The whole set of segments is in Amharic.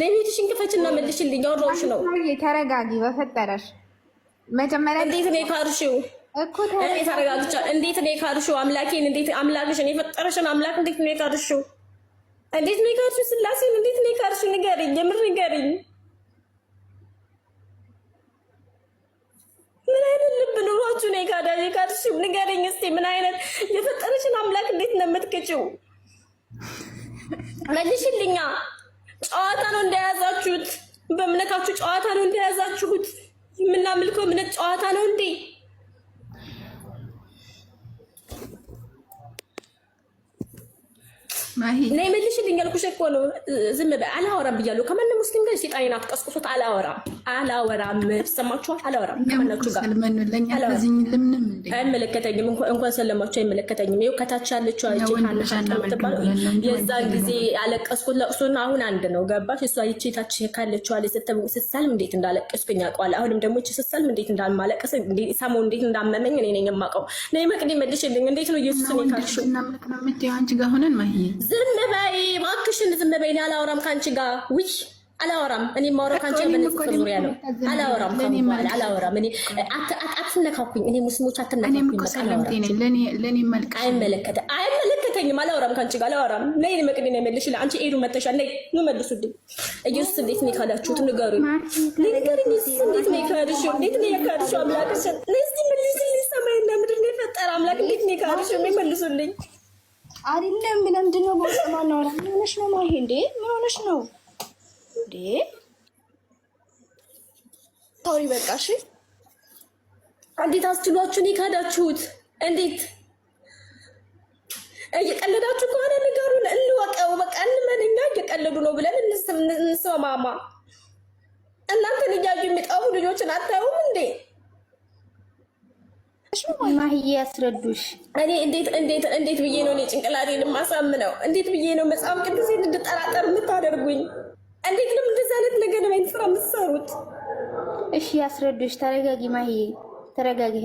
ለቤትሽን ክፈች እና መልሽልኝ። አወራሁሽ ነው። ተረጋጊ በፈጠረሽ። መጀመሪያ እንዴት ነው የካርሽው? እኔ ተረጋግቻ እንዴት ነው የካርሽው? አምላኬን እንዴት አምላክሽን የፈጠረሽን አምላክ እንዴት ነው የካርሽው? እንዴት ነው የካርሽው? ስላሴን እንዴት ነው የካርሽው? ንገሪኝ፣ የምር ንገሪኝ። ምን አይነት ልብ ኑሯችሁ ነው የካዳ የካርሽው? ንገሪኝ እስቲ። ምን አይነት የፈጠረሽን አምላክ እንዴት ነው የምትክጭው? መልሽልኛ ጨዋታ ነው እንደያዛችሁት፣ በእምነታችሁ ጨዋታ ነው እንደያዛችሁት። የምናምልከው እምነት ጨዋታ ነው እንዴ? እኔ መልሽልኝ አልኩሽ እኮ ነው። ዝም በይ አላወራም ብያለሁ። ከማንም ሙስሊም ጋር ሴጣኔን አትቀስቁሱት። አላወራም አላወራም፣ ሰማችኋል? አላወራም ከማናችሁ ጋር አይመለከተኝም። እንኳን ሰለማችሁ አይመለከተኝም። ይኸው ከታች ያለችው አይቼ ካለምትባለው የዛ ጊዜ ያለቀስኩት ለቅሶና አሁን አንድ ነው። ገባሽ? እሷ ይቼ ታች ካለችዋል አለ ስትሰልም እንዴት እንዳለቀስኩኝ አውቀዋለሁ። አሁንም ደግሞ ይቺ ስትሰልም እንዴት እንዳማለቀስ ሰሞኑን እንዴት እንዳመመኝ እኔ ነኝ የማውቀው። ነይ መቅዲ መልሽልኝ። እንዴት ነው ኢየሱስን የካልሽው? ዝም በይ እባክሽን፣ ዝም በይ። እኔ አላወራም ከአንቺ ጋር ውይ፣ አላወራም። እኔ የማወራው ከአንቺ ጋር በነዚህ ዙሪያ ነው። አላወራም፣ አላወራም። አትነካኩኝ። እኔ ሙስሊሞች አትነካኩኝ። አይመለከተ አይመለከተኝም። አላወራም ከአንቺ ጋር አላወራም። ነይ መቅደን የመልሽ አንቺ ኤዱ መተሻል። ነይ ኑ መልሱልኝ። ኢየሱስ እንዴት ነው ካላችሁት ንገሩኝ፣ ንገሩኝ። ኢየሱስ እንዴት ነው ካላችሁ፣ እንዴት ነው ካላችሁ፣ አምላክሽን ነይ እስቲ ሰማይና ምድር የፈጠረ አምላክ እንዴት ነው ካላችሁ፣ መልሱልኝ። አይደለም ምንድን ነው ማሰማ ነው? ምን ሆነሽ ነው ማሂ? እንዴ ምን ሆነሽ ነው እንዴ? ታውሪ በቃ እሺ። እንዴት አስችሏችሁን የካዳችሁት? እንዴት እየቀለዳችሁ ከሆነ ንገሩን፣ እንወቀው። በቃ እንመንኛ እየቀለዱ ነው ብለን እንስማማ። እናንተን እያዩ የሚጣቡ ልጆችን አታዩም እንዴ? ማህዬ ያስረዱሽ። እኔ እንዴት እንዴት እንዴት ብዬ ነው እኔ ጭንቅላቴን የማሳምነው? እንዴት ብዬ ነው መጽሐፍ ቅዱሴን እንድጠራጠር የምታደርጉኝ? እንዴት ነው እንደዚህ አይነት ነገር ነው ስራ የምትሰሩት? እሺ ያስረዱሽ። ተረጋጊ ማህዬ ተረጋጊ።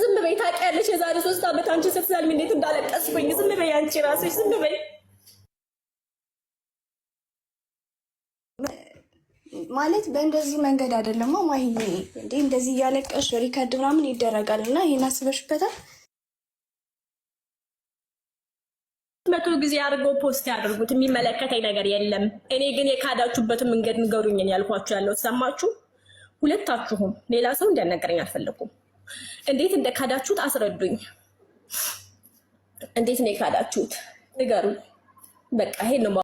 ዝም በይ። ታውቂያለሽ የዛሬ ሶስት አመት አንቺ ስትሰልሚ እንዴት እንዳለቀስኩኝ። ዝም በይ አንቺ ራስሽ ዝም በይ። ማለት በእንደዚህ መንገድ አይደለም ማሂዬ፣ እንዴ እንደዚህ እያለቀሽ ሪከርድ ምናምን ይደረጋል እና ይሄን አስበሽበታል? መቶ ጊዜ አድርገው ፖስት ያደርጉት የሚመለከተኝ ነገር የለም። እኔ ግን የካዳችሁበትን መንገድ ንገሩኝን ያልኳችሁ ያለው ሰማችሁ። ሁለታችሁም ሌላ ሰው እንዲያነገረኝ አልፈለኩም። እንዴት እንደካዳችሁት አስረዱኝ። እንዴት ነው የካዳችሁት ንገሩኝ። በቃ ይሄን ነው